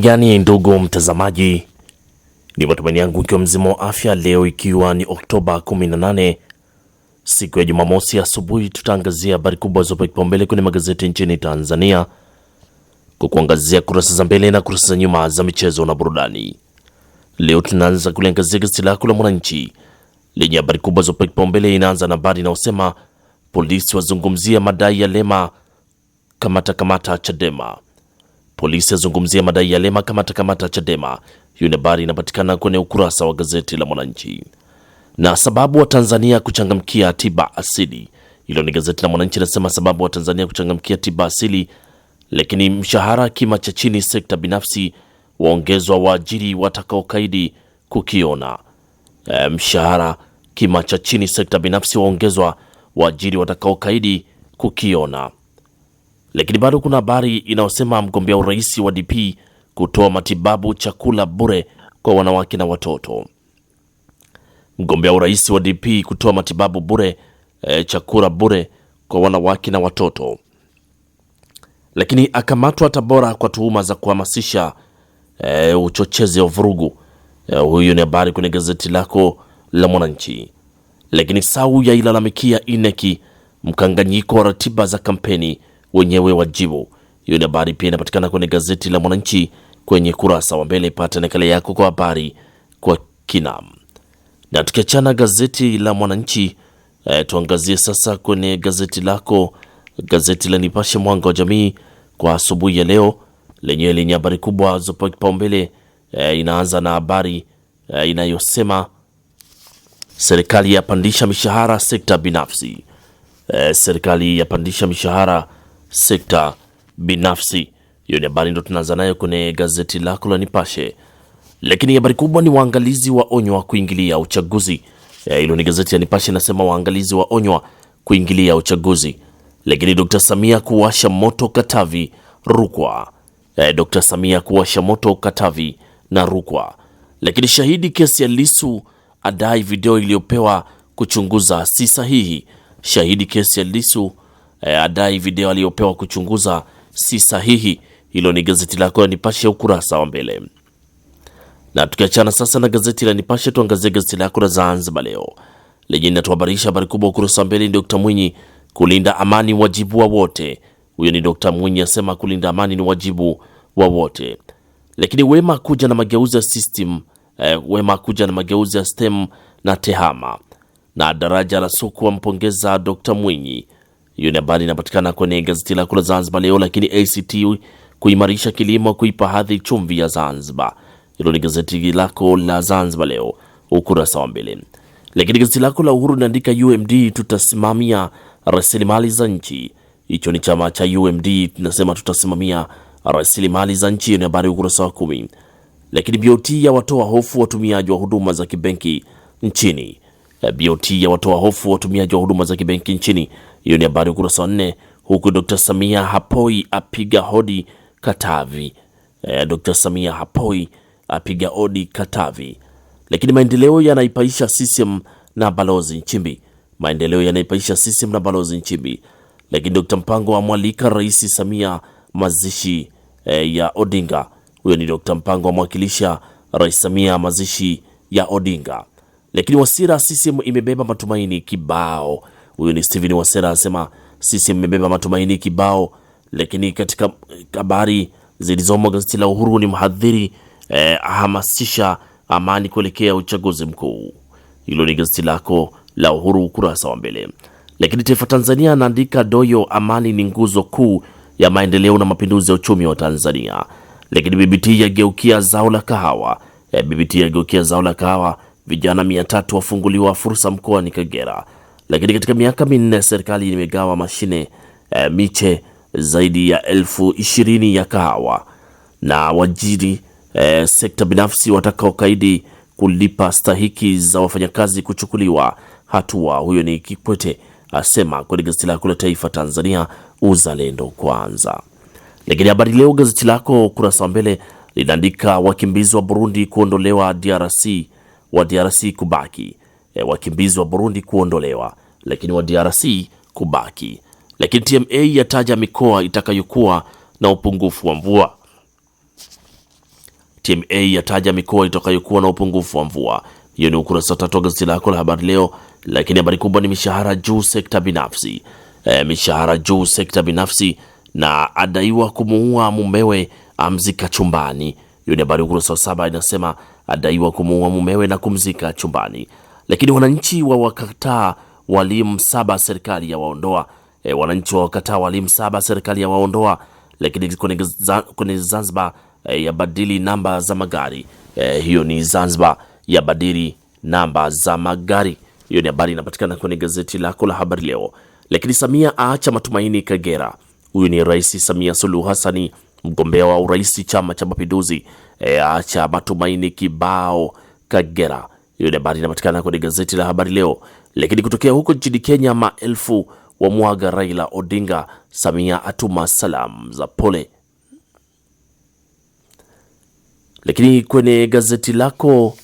gani ndugu mtazamaji, ni matumaini yangu ikiwa mzima wa afya leo, ikiwa ni Oktoba 18 siku ya Jumamosi asubuhi, tutaangazia habari kubwa zopa kipaumbele kwenye magazeti nchini Tanzania kwa kuangazia kurasa za mbele na kurasa za nyuma za michezo na burudani. Leo tunaanza kuliangazia gazeti lako la Mwananchi lenye habari kubwa zopa kipaumbele. Inaanza na habari inayosema polisi wazungumzia madai ya Lema, kamata kamata Chadema Polisi yazungumzia madai ya Lema kamata kamata Chadema. Hiyo ni habari inapatikana kwenye ukurasa wa gazeti la Mwananchi. Na sababu wa Tanzania kuchangamkia tiba asili, hilo ni gazeti la Mwananchi linasema sababu wa Tanzania kuchangamkia tiba asili, lakini mshahara kima cha chini sekta binafsi waongezwa, waajiri watakaokaidi kukiona. E, mshahara kima cha chini sekta binafsi waongezwa, waajiri watakaokaidi kukiona. Lakini bado kuna habari inayosema mgombea urais wa DP kutoa matibabu chakula bure kwa wanawake na watoto. Mgombea urais wa DP kutoa matibabu bure e, chakula bure kwa wanawake na watoto. Lakini akamatwa Tabora kwa tuhuma za kuhamasisha e, uchochezi wa vurugu. E, huyu ni habari kwenye gazeti lako la Mwananchi. Lakini sau yailalamikia ineki mkanganyiko wa ratiba za kampeni wenyewe wajibu. Hiyo ni habari pia inapatikana kwenye gazeti la Mwananchi kwenye kurasa wa mbele. Pata nakala yako kwa habari kwa kina. Na tukiachana gazeti la Mwananchi eh, tuangazie sasa kwenye gazeti lako, gazeti la Nipashe Mwanga wa Jamii kwa asubuhi ya leo, lenyewe lenye habari kubwa zopewa kipaumbele. Eh, inaanza na habari eh, inayosema serikali yapandisha mishahara sekta binafsi. Eh, serikali yapandisha mishahara sekta binafsi. Hiyo ni habari ndo tunaanza nayo kwenye gazeti lako la Nipashe, lakini habari kubwa ni waangalizi wa onywa kuingilia uchaguzi. Hilo ni gazeti ya Nipashe, inasema waangalizi wa onywa kuingilia uchaguzi. Lakini Dr. Samia kuwasha moto Katavi Rukwa. E, Dr. Samia kuwasha moto Katavi na Rukwa. Lakini shahidi kesi ya Lisu adai video iliyopewa kuchunguza si sahihi. Shahidi kesi ya Lisu eh, adai video aliyopewa kuchunguza si sahihi. Hilo ni gazeti lako la Nipashe ya ukurasa wa mbele. Na tukiachana sasa na gazeti la Nipashe, tuangazie gazeti lako la Zanzibar Leo lenye linatuhabarisha habari kubwa ukurasa wa mbele. Ni Dr Mwinyi, kulinda amani wajibu wa wote. Huyo ni Dr Mwinyi asema kulinda amani ni wajibu wa wote, lakini wema kuja na mageuzi ya system eh, wema kuja na mageuzi ya STEM na TEHAMA na daraja la soko wampongeza Dr Mwinyi. Hiyo ni habari inapatikana kwenye gazeti lako la Zanzibar Leo. Lakini ACT kuimarisha kilimo, kuipa hadhi chumvi ya Zanzibar. Hilo ni gazeti lako la Zanzibar Leo ukurasa wa mbili. Lakini gazeti lako la Uhuru linaandika UMD tutasimamia rasilimali za nchi. Hicho ni chama cha UMD, tunasema tutasimamia rasilimali za nchi. Hiyo ni habari ukurasa wa kumi. Lakini BOT ya watoa hofu watumiaji wa huduma za kibenki nchini. Eh, BOT ya watoa hofu watumiaji wa huduma za kibenki nchini. Hiyo ni habari ukurasa wa nne, huku Dr. Samia hapoi apiga hodi Katavi. E, Dr. Samia hapoi apiga hodi Katavi. Lakini maendeleo yanaipaisha CCM na balozi Nchimbi, maendeleo yanaipaisha CCM na balozi Nchimbi. Lakini Dr. Mpango amwalika Rais Samia mazishi e, ya Odinga. Huyo ni Dr. Mpango amwakilisha Rais Samia mazishi ya Odinga. Lakini Wasira, CCM imebeba matumaini kibao Huyu ni Steven Wasera anasema sisi mmebeba matumaini kibao, lakini katika eh, habari zilizomo gazeti la Uhuru ni mhadhiri eh, ahamasisha amani kuelekea uchaguzi mkuu. Hilo ni gazeti lako la Uhuru ukurasa wa mbele. Lakini Taifa Tanzania anaandika Doyo, amani ni nguzo kuu ya maendeleo na mapinduzi ya uchumi wa Tanzania. Lakini BBT yageukia zao la kahawa eh, BBT yageukia zao la kahawa, vijana 300 wafunguliwa fursa mkoani Kagera lakini katika miaka minne serikali imegawa mashine e, miche zaidi ya elfu ishirini ya kahawa na wajiri e, sekta binafsi watakaokaidi kulipa stahiki za wafanyakazi kuchukuliwa hatua. Huyo ni Kikwete asema kwenye gazeti lako la Taifa Tanzania Uzalendo Kwanza. Lakini Habari Leo gazeti lako kurasa wa mbele linaandika wakimbizi wa Burundi kuondolewa DRC, wa DRC kubaki Eh, wakimbizi wa Burundi kuondolewa, lakini wa DRC kubaki. Lakini TMA yataja mikoa itakayokuwa na upungufu wa mvua. TMA yataja mikoa itakayokuwa na upungufu wa mvua. Hiyo ni ukurasa wa tatu wa gazeti lako la habari leo, lakini habari kubwa ni mishahara juu sekta binafsi. E, mishahara juu sekta binafsi na adaiwa kumuua mumewe amzika chumbani. Hiyo ni habari ukurasa wa saba, inasema adaiwa kumuua mumewe na kumzika chumbani lakini wananchi wa wakataa walimu saba serikali ya waondoa. E, wananchi wa wakataa walimu saba serikali ya waondoa. Lakini kwenye Zanzibar e, ya badili namba za magari e, hiyo ni Zanzibar ya badili namba za magari. Hiyo ni habari inapatikana kwenye gazeti lako la habari leo. Lakini Samia aacha matumaini Kagera. Huyu ni Rais Samia Suluhu hasani mgombea wa urais Chama cha Mapinduzi, e, aacha matumaini kibao Kagera. Hiyo ni habari inapatikana kwenye gazeti la Habari Leo. Lakini kutokea huko nchini Kenya, maelfu wa mwaga Raila Odinga, Samia atuma salam za pole. Lakini kwenye gazeti lako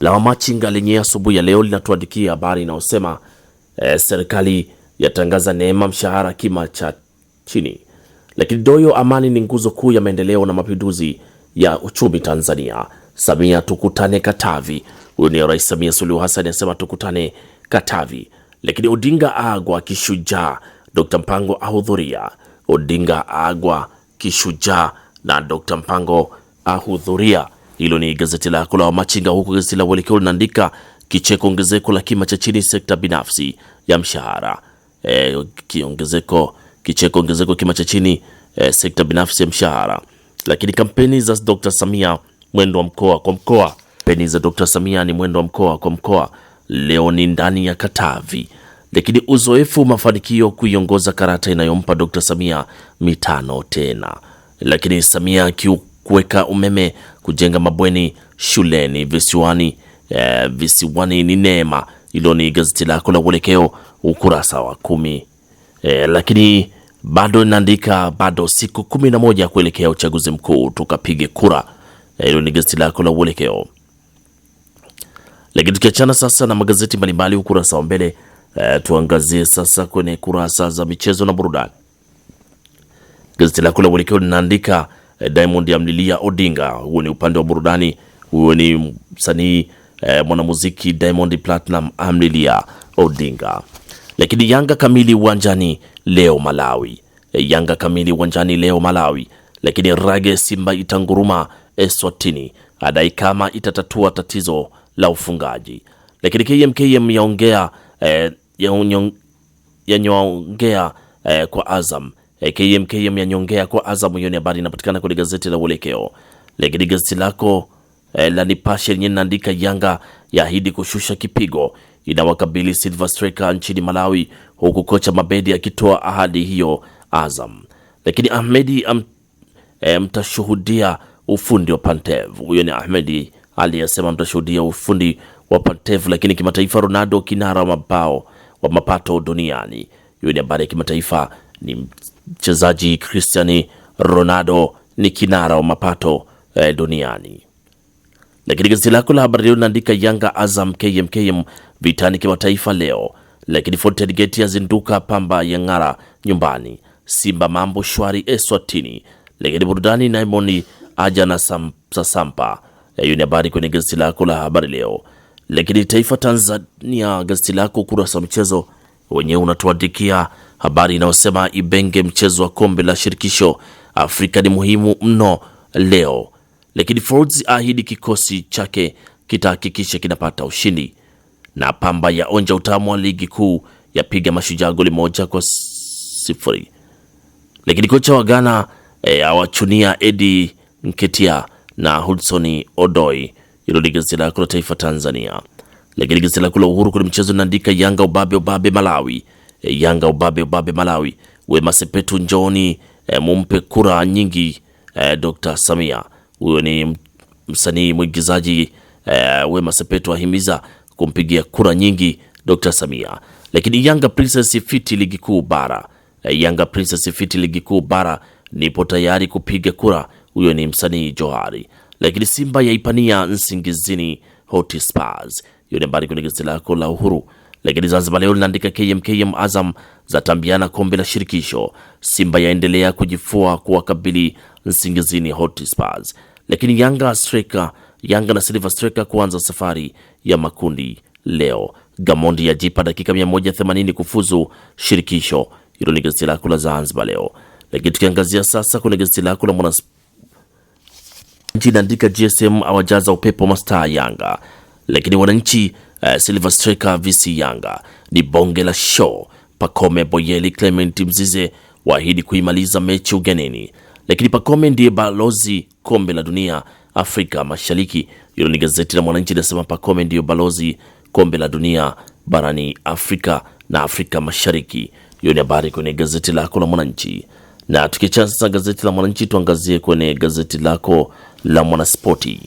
la Wamachinga lenye asubuhi ya leo linatuandikia habari inayosema eh, serikali yatangaza neema mshahara kima cha chini. Lakini Doyo, amani ni nguzo kuu ya maendeleo na mapinduzi ya uchumi Tanzania. Samia tukutane Katavi. Huyu ni Rais Samia Suluhu Hassan asema tukutane Katavi, lakini Odinga agwa kishujaa, Dr Mpango ahudhuria. Odinga agwa kishujaa na Dr Mpango ahudhuria. Hilo ni gazeti kula wa machinga huku gazeti la Uelekeo linaandika kicheko ongezeko la kima cha chini sekta binafsi ya mshahara. E, kiongezeko kicheko ongezeko kima cha chini e, sekta binafsi ya mshahara. Lakini kampeni za Dr Samia mwendo wa mkoa kwa mkoa Peni za Dr. Samia ni mwendo wa mkoa kwa mkoa, leo ni ndani ya Katavi, lakini uzoefu, mafanikio kuiongoza karata inayompa Dr. Samia mitano tena, lakini Samia akiweka umeme, kujenga mabweni shuleni visiwani, eh, visiwani ni neema. Hilo ni gazeti lako la Uelekeo ukurasa wa kumi. Eh, lakini bado inaandika bado siku kumi na moja kuelekea uchaguzi mkuu tukapige kura. Eh, hilo ni gazeti lako la Uelekeo. Lakini tukiachana sasa na magazeti mbalimbali ukurasa wa mbele e, tuangazie sasa kwenye kurasa za michezo na burudani. Gazeti lako la Uelekeo linaandika e, Diamond amlilia Odinga. Huo ni upande wa burudani, huo ni msanii uh, mwanamuziki Diamond Platinum amlilia Odinga. Lakini Yanga kamili uwanjani leo Malawi, Yanga kamili uwanjani leo Malawi. Lakini Rage Simba itanguruma Eswatini, adai kama itatatua tatizo la ufungaji. Lakini KMKM yaongea eh, yanyongea eh, kwa Azam eh, KMKM yanyongea kwa Azam. Hiyo ni habari inapatikana kwenye gazeti la Uelekeo. Lakini gazeti lako eh, la Nipashe lenye linaandika Yanga yaahidi kushusha kipigo inawakabili Silver Striker nchini Malawi, huku kocha Mabedi akitoa ahadi hiyo Azam. Lakini Ahmedi am, eh, mtashuhudia ufundi wa Pantev. Huyo ni Ahmedi aliyesema mtashuhudia ufundi wa Pantev. Lakini kimataifa, Ronaldo kinara mabao wa mapato duniani. Hiyo ni habari ya kimataifa, ni mchezaji Cristiano Ronaldo ni kinara wa mapato eh, duniani. Lakini gazeti lako la habari leo linaandika Yanga Azam KMKM vitani kimataifa leo. Lakini Fountain Gate yazinduka pamba ya ng'ara nyumbani. Simba mambo shwari Eswatini. Lakini burudani Naimoni aja na sam, sasampa hiyo ni habari kwenye gazeti lako la habari leo. Lakini Taifa Tanzania, gazeti lako ukurasa wa michezo wenyewe unatuandikia habari inayosema Ibenge, mchezo wa kombe la shirikisho Afrika ni muhimu mno leo. Lakini Forbes ahidi kikosi chake kitahakikisha kinapata ushindi, na Pamba ya onja utamu wa ligi kuu yapiga Mashujaa goli moja kwa sifuri. Lakini kocha wa Ghana e, awachunia Edi Nketiah na Hudson Odoi. Hilo ni gazeti lako la Taifa Tanzania. Lakini gazeti lako la Uhuru kwenye michezo linaandika Yanga ubabe ubabe Malawi, E, Yanga ubabe ubabe Malawi, Wema Sepetu njoni e, mumpe kura nyingi e, Dr. Samia. Huyo ni msanii mwigizaji e, Wema Sepetu ahimiza kumpigia kura nyingi Dr. Samia. Lakini Yanga Princess fiti ligi kuu bara, e, Yanga Princess fiti ligi kuu bara, nipo tayari kupiga kura huyo ni msanii Johari, lakini Simba yaipania Nsingizini Hot Spurs. Hiyo ni habari kwenye gazeti lako la Uhuru. Lakini Zanzibar leo linaandika KMKM Azam zatambiana kombe la shirikisho, Simba yaendelea kujifua kuwakabili Nsingizini Hot Spurs. Lakini Yanga striker, Yanga na Silver Striker kuanza safari ya makundi leo. Gamondi yajipa dakika 180 kufuzu shirikisho. Hilo ni gazeti lako la Zanzibar leo. Lakini tukiangazia sasa kwenye gazeti lako la Mwananchi Inaandika GSM awajaza upepo masta Yanga, lakini wananchi uh, Silver Striker visi Yanga ni bonge la show. Pakome Boyeli Clement Mzize waahidi kuimaliza mechi ugenini, lakini Pakome ndiye balozi kombe la dunia Afrika Mashariki. Hilo ni gazeti la Mwananchi linasema Pakome ndiyo balozi kombe la dunia barani Afrika na Afrika Mashariki. Hiyo ni habari kwenye gazeti lako la Mwananchi, na tukiachana sasa gazeti la Mwananchi tuangazie kwenye gazeti lako la Mwanaspoti.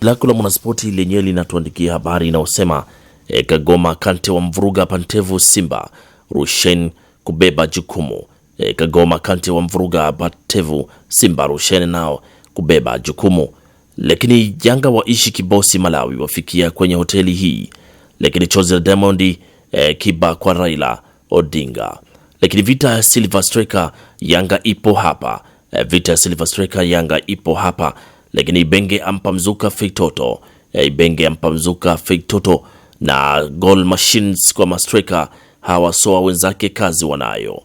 Lako la Mwanaspoti lenyewe linatuandikia habari inayosema e, Kagoma Kante wa mvuruga Pantevu Simba Rushen kubeba jukumu. E, Kagoma Kante wa mvuruga Pantevu Simba Rushen nao kubeba jukumu. Lakini Yanga waishi kibosi Malawi, wafikia kwenye hoteli hii. Lakini chozi la Diamond e, kiba kwa Raila Odinga. Lakini vita ya Silver Striker Yanga ipo hapa. E, vita ya Silver Striker Yanga ipo hapa lakini Ibenge ampa mzuka Feitoto. Eh, Ibenge ampa mzuka Feitoto na goal machines kwa mastreka hawasoa wenzake kazi wanayo.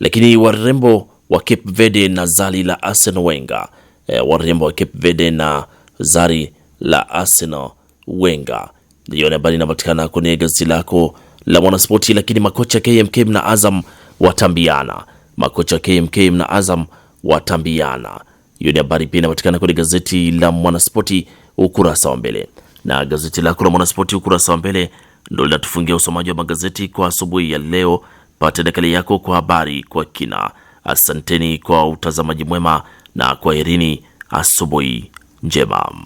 Lakini warembo wa Cape Verde na zali la Arsenal Wenga, e, eh, warembo wa Cape Verde na zari la Arsenal Wenga ndiyo habari inapatikana kwenye gazeti lako la Mwanaspoti. Lakini makocha KMK na Azam watambiana, makocha KMK na Azam watambiana hiyo ni habari pia inapatikana kwenye gazeti la Mwanaspoti ukurasa wa mbele, na gazeti lako la Mwanaspoti ukurasa wa mbele ndio linatufungia usomaji wa magazeti kwa asubuhi ya leo. Pata nakala yako kwa habari kwa kina. Asanteni kwa utazamaji mwema na kwaherini, asubuhi njema.